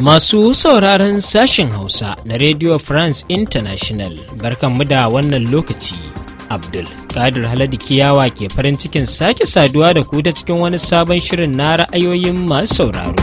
Masu sauraron sashen Hausa na Radio France International barkanmu da wannan lokaci. Abdul Kadir Haladu Kiyawa ke farin cikin sake saduwa da ku ta cikin wani sabon shirin na ra'ayoyin masu sauraro.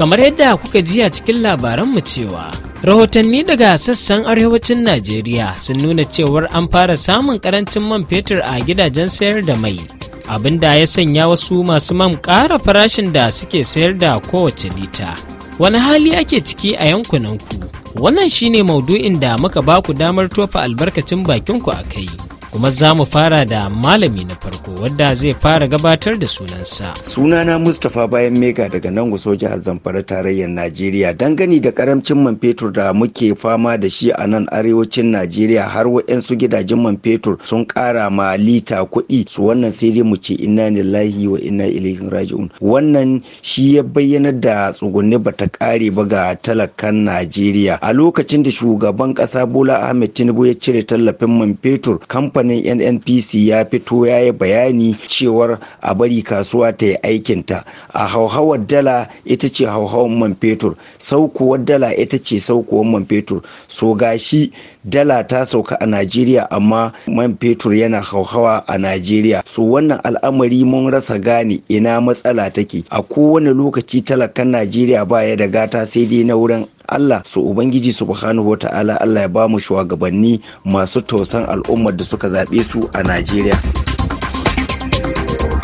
Kamar yadda kuka ji a cikin labaranmu cewa rahotanni daga sassan arewacin najeriya sun nuna cewar an fara samun karancin man fetur a gidajen sayar da mai abin da ya sanya wasu masu man ƙara farashin da suke sayar da kowace lita wani hali ake ciki a yankunanku wannan shine maudu'in da muka baku damar tofa albarkacin bakinku a kai kuma za mu fara da malami na farko wadda zai fara gabatar da sunansa. Sunana Mustapha bayan mega daga nan soja a Zamfara tarayyar Najeriya dangane da karamcin man fetur da muke fama da shi a nan arewacin Najeriya har waɗansu gidajen man fetur sun ƙara ma lita kuɗi su wannan sai dai mu ce inna lillahi wa inna ilaihi raji'un. Wannan shi ya bayyana da tsugunni ba ta ƙare ba ga talakan Najeriya a lokacin da shugaban ƙasa Bola Ahmed Tinubu ya cire tallafin man fetur kamfanin wani nnpc ya fito ya yi bayani cewar a bari kasuwa ta yi aikinta a hauhawar dala ita ce hauhawar man fetur saukowar dala ita ce saukowar man fetur so gashi dala ta sauka a najeriya amma man fetur yana hauhawa a najeriya so wannan al'amari mun rasa gane ina matsala take a kowane lokaci talakan najeriya baya da gata sai dai na wurin Allah su ubangiji subhanahu wata'ala Allah ya ba mu shugabanni masu tausan al'ummar da suka zaɓe su a Najeriya.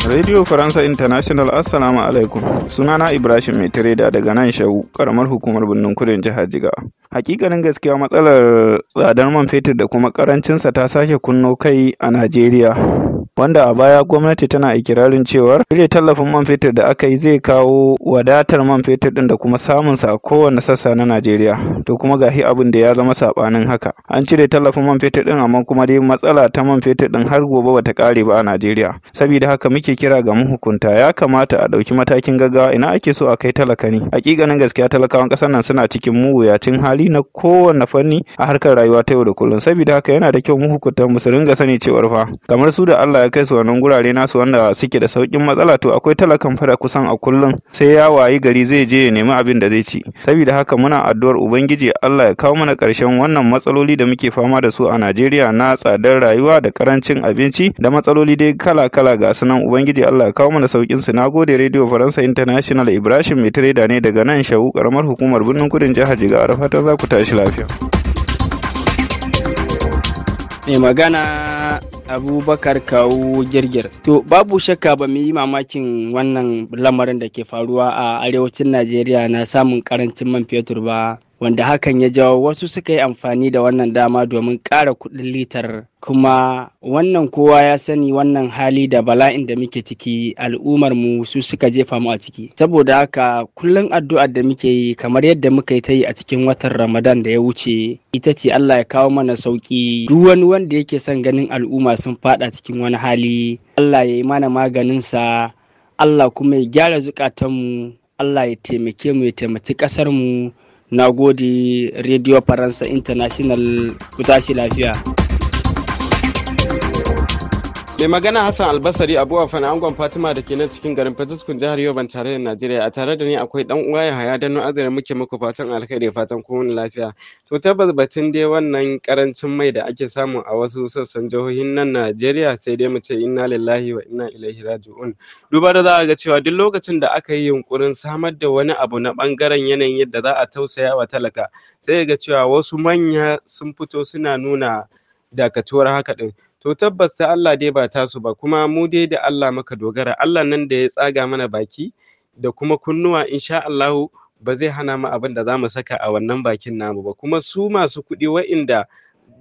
Radio Faransa International Assalamu alaikum sunana Ibrahim Maitireda daga nan Shehu karamar hukumar birnin kudin jihar jiga. Hakikanin gaskiya matsalar tsadar man fetur da kuma karancinsa ta sake kunno kai a Najeriya. wanda a baya gwamnati tana ikirarin cewar cire tallafin man fetur da aka yi zai kawo wadatar man fetur din da kuma samun sa a kowane sassa na Najeriya to kuma gahi abin da ya zama sabanin haka an cire tallafin man fetur din amma kuma dai matsala ta man fetur din har gobe bata kare ba a Najeriya saboda haka muke kira ga mahukunta ya kamata a dauki matakin gaggawa ina ake so a kai talaka ne hakikanin gaskiya talakawan kasar nan suna cikin muwuyacin hali na kowane fanni a harkar rayuwa ta yau da kullum saboda haka yana da kyau mahukunta mu su ringa sani cewar fa kamar su da Allah ya kai su wannan gurare nasu wanda suke da saukin matsala to akwai talakan fara kusan a kullum sai ya wayi gari zai je ya nemi abin da zai ci saboda haka muna addu'ar ubangiji Allah ya kawo mana karshen wannan matsaloli da muke fama da su a Najeriya na tsadar rayuwa da karancin abinci da matsaloli dai kala-kala ga sunan ubangiji Allah ya kawo mana saukin su nagode radio Faransa International Ibrahim Mitreda ne daga nan Shawu karamar hukumar birnin kudin jihar Jigawa fatan za ku tashi lafiya mai magana abubakar kawo girgir to babu shakka ba mu yi mamakin wannan lamarin da ke faruwa a arewacin najeriya na samun karancin man fetur ba wanda hakan ya jawo wasu suka yi amfani da wannan dama domin ƙara kuɗin litar kuma wannan kowa ya sani wannan hali da bala'in da muke ciki al'ummar mu su suka jefa mu a ciki saboda haka kullum addu'ar da muke yi kamar yadda muka yi ta yi a cikin watan ramadan da ya wuce ita ce allah ya kawo mana sauki duk wani wanda yake son ganin al'umma sun fada cikin wani hali allah ya yi mana maganinsa allah kuma ya gyara zukatanmu allah ya taimake mu ya taimaci ƙasar mu na gode radio faransa international ku tashi lafiya mai magana hassan albasari abu fana angon fatima da ke nan cikin garin fataskun jihar tare da najeriya a tare da ni akwai dan uwa ya haya dano azare muke muku fatan alkhairi fatan kowane lafiya to tabbas batun dai wannan karancin mai da ake samu a wasu sassan jihohin nan najeriya sai dai mu ce inna lillahi wa inna ilaihi raji'un duba da za a ga cewa duk lokacin da aka yi yunkurin samar da wani abu na bangaren yanayin yadda za a tausaya wa talaka sai ga cewa wasu manya sun fito suna nuna dakatuwar haka din to tabbas ta Allah dai ba tasu ba kuma mu dai da Allah muka dogara Allah nan da ya tsaga mana baki da kuma kunnuwa insha Allahu ba zai hana mu abin da za mu saka a wannan bakin namu ba kuma su masu kuɗi wa'inda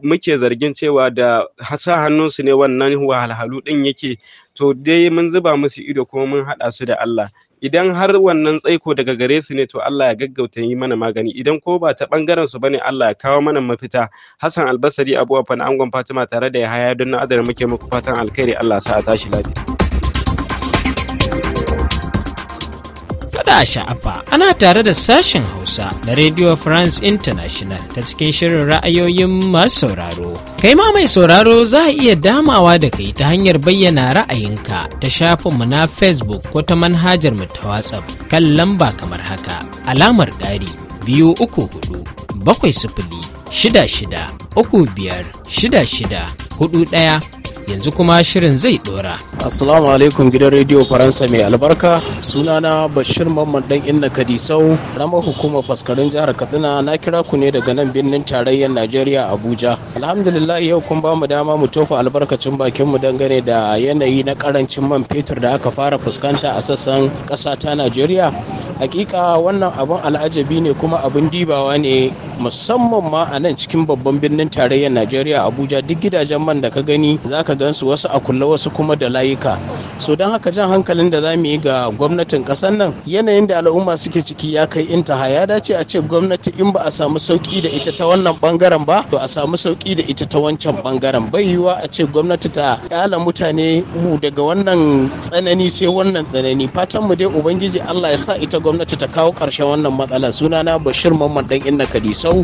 muke zargin cewa da sa hannunsu ne wannan wahalhalu ɗin yake to dai mun zuba musu ido kuma mun haɗa su da Allah idan har wannan tsaiko daga gare su ne to Allah ya gaggauta yi mana magani idan ko ba ta bangaren su bane Allah ya kawo mana mafita Hassan Albasari Abu Afan Angon Fatima tare da Yahaya don na adar muke muku fatan alkhairi Allah sa a tashi lafiya kada a sha'afa ana tare da sashen hausa na radio france international ta cikin shirin ra'ayoyin masu sauraro kai ma mai sauraro za a iya damawa da kai ta hanyar bayyana ra'ayinka ta shafinmu na facebook ko ta manhajar mu ta whatsapp kan lamba kamar haka alamar ƙari biyu uku hudu bakwai sifili shida shida uku biyar shida shida hudu ɗaya yanzu kuma shirin zai dora. Assalamu alaikum gidan rediyo Faransa mai albarka sunana Bashir Mamman dan Inna Kadisau ramar hukumar faskarin jihar Katsina na kira ku ne daga nan birnin tarayyar Najeriya Abuja. Alhamdulillah yau kun bamu dama mu tofa albarkacin bakin mu dangane da yanayi na karancin man fetur da aka fara fuskanta a sassan ƙasa ta Najeriya. Hakika wannan abun al'ajabi ne kuma abin dibawa ne musamman ma a nan cikin babban birnin tarayyar najeriya abuja duk gidajen man da ka gani za ka gansu wasu a kulle wasu kuma da layuka so don haka jan hankalin da za mu yi ga gwamnatin ƙasar nan yanayin da al'umma suke ciki ya kai intaha ya dace a ce gwamnati in ba a samu sauki da ita ta wannan bangaren ba to a samu sauki da ita ta wancan bangaren bai yiwuwa a ce gwamnati ta kyala mutane mu daga wannan tsanani sai wannan tsanani fatan mu dai ubangiji Allah ya sa ita gwamnati ta kawo ƙarshen wannan matsala sunana Bashir Mamman dan Inna Kadisau yau.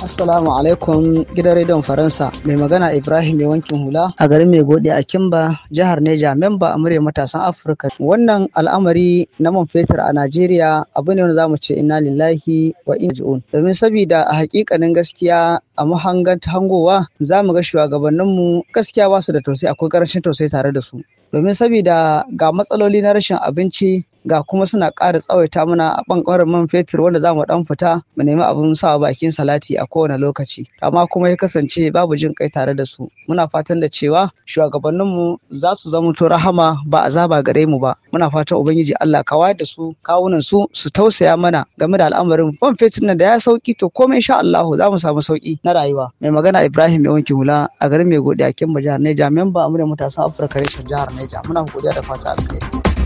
Assalamu alaikum gidan rediyon Faransa mai magana Ibrahim mai wankin hula a garin mai gode a Kimba jihar Neja memba a murya matasan Afirka. Wannan al'amari na man fetur a Najeriya abu ne wanda zamu ce inna lillahi wa inna Domin sabida a hakikanin gaskiya a mahangan hangowa za mu ga shugabanninmu gaskiya ba su da tausayi akwai karancin tausayi tare da su. Domin sabida ga matsaloli na rashin abinci ga kuma suna ƙara tsawaita mana a ɓangaren man fetur wanda za mu ɗan fita mu nemi abin sa bakin salati a kowane lokaci amma kuma ya kasance babu jin kai tare da su muna fatan da cewa shugabanninmu za su zama to rahama ba a azaba gare mu ba muna fatan ubangiji Allah kawa da su kawunan su su tausaya mana game da al'amarin man fetur nan da ya sauki to komai insha Allah za mu samu sauki na rayuwa mai magana Ibrahim ya wanke hula a garin mai godiya kin jihar Neja memba amurin matasan Afirka reshen jihar Neja muna godiya da fata alheri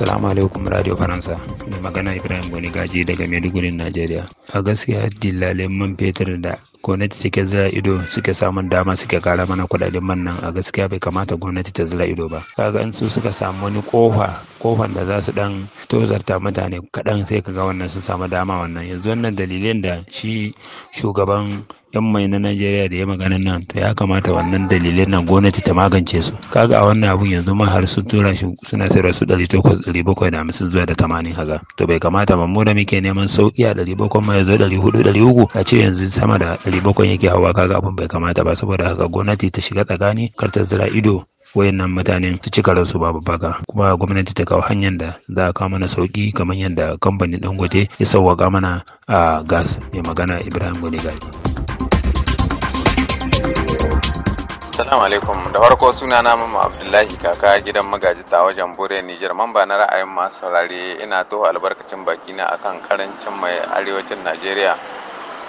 Assalamu alaikum Radio Faransa. Mai magana Ibrahim Gwani Gaji daga Maiduguri, Najeriya. A gaskiya dillalin man fetur da gwamnati suke zira ido suke samun dama suke kara mana kudaden man nan a gaskiya bai kamata gwamnati ta zira ido ba kaga in su suka samu wani kofa kofan da za su dan tozarta mutane kaɗan sai kaga wannan sun samu dama wannan yanzu wannan dalilin da shi shugaban yan mai na najeriya da ya magana nan to ya kamata wannan dalilin nan gwamnati ta magance su kaga a wannan abun yanzu ma har sun tura shi suna sayar su ɗari takwas ɗari bakwai da hamsin zuwa da tamanin haka to bai kamata ba mu da muke neman sauki a dari bakwai ma ya zo dari hudu dari uku a ce yanzu sama da hankali yake hawa kaga abin bai kamata ba saboda haka gwamnati ta shiga tsakani kar ta zira ido wayannan mutane su ci karansu babu baka kuma gwamnati ta kawo hanyar da za a kawo mana sauki kamar yadda kamfanin dangote ya sauwaka mana a gas mai magana ibrahim gani Assalamu alaikum da farko suna na mama Abdullahi kaka gidan magaji ta wajen bure Nijar mamba na ra'ayin masu saurare ina toho albarkacin bakina akan karancin mai arewacin Najeriya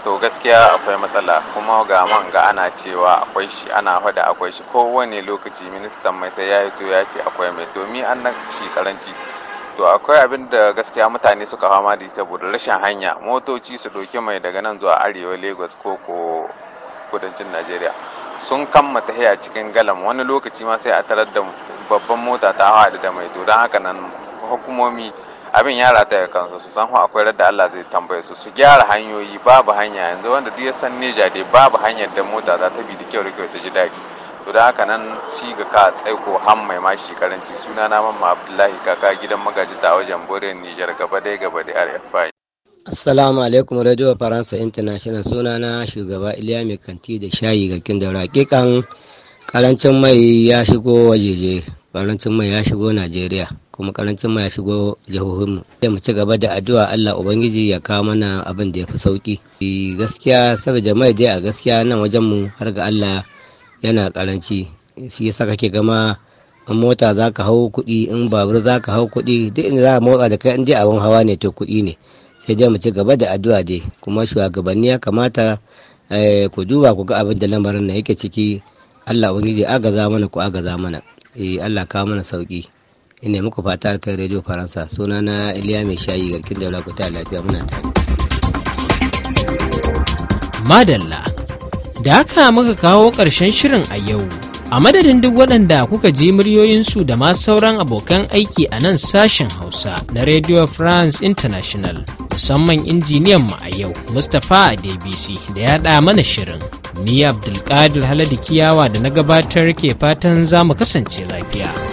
to gaskiya akwai matsala kuma ga man ga ana cewa akwai shi ana faɗa akwai shi kowane lokaci ministan mai sai ya to ya ce akwai mai to mi an nan shi karanci to akwai abin da gaskiya mutane suka fama da saboda rashin hanya motoci su doki mai daga nan zuwa arewa lagos ko ko kudancin najeriya sun kamma tahiya cikin galam wani lokaci ma sai a tarar da babban mota ta haɗu da mai to don haka nan hukumomi abin ya ta kansu su san akwai radda Allah zai tambaye su su gyara hanyoyi babu hanya yanzu wanda duk ya san neja dai babu hanyar da mota za ta bi da kyau rike ta ji daɗi to da haka nan shi ga ka tsaiko han mai ma shi karanci suna na mamma Abdullahi kaka gidan magaji ta wajen Borin Niger gaba dai gaba dai RFI Assalamu alaikum Radio Faransa International suna na shugaba Iliya Mai Kanti da shayi ga kin da rakikan karancin mai ya shigo wajeje karancin mai ya shigo Najeriya kuma karancin ma ya shigo jihohinmu sai mu ci gaba da addu'a Allah ubangiji ya kawo mana abin da ya fi sauki e, gaskiya saboda mai dai a gaskiya nan wajen mu har ga Allah yana karanci shi yasa kake gama in mota za ka hau kuɗi in babur za ka hau kuɗi duk inda za a motsa da kai in je abin hawa ne to kuɗi ne sai dai mu ci gaba da addu'a dai kuma shugabanni ya kamata e, ku duba ku ga abin da lamarin na yake ciki Allah ubangiji agaza mana ku agaza mana e, Allah kawo mana sauki ina muku fata kan radio faransa sunana iliya mai shayi garkin daula ku ta lafiya muna tare madalla da haka muka kawo ƙarshen shirin a yau a madadin duk waɗanda kuka ji muryoyinsu da ma sauran abokan aiki a nan sashen hausa na radio france international musamman injiniyan mu a yau mustapha a dbc da ya ɗa mana shirin ni abdulkadir haladi kiyawa da na gabatar ke fatan za mu kasance lafiya.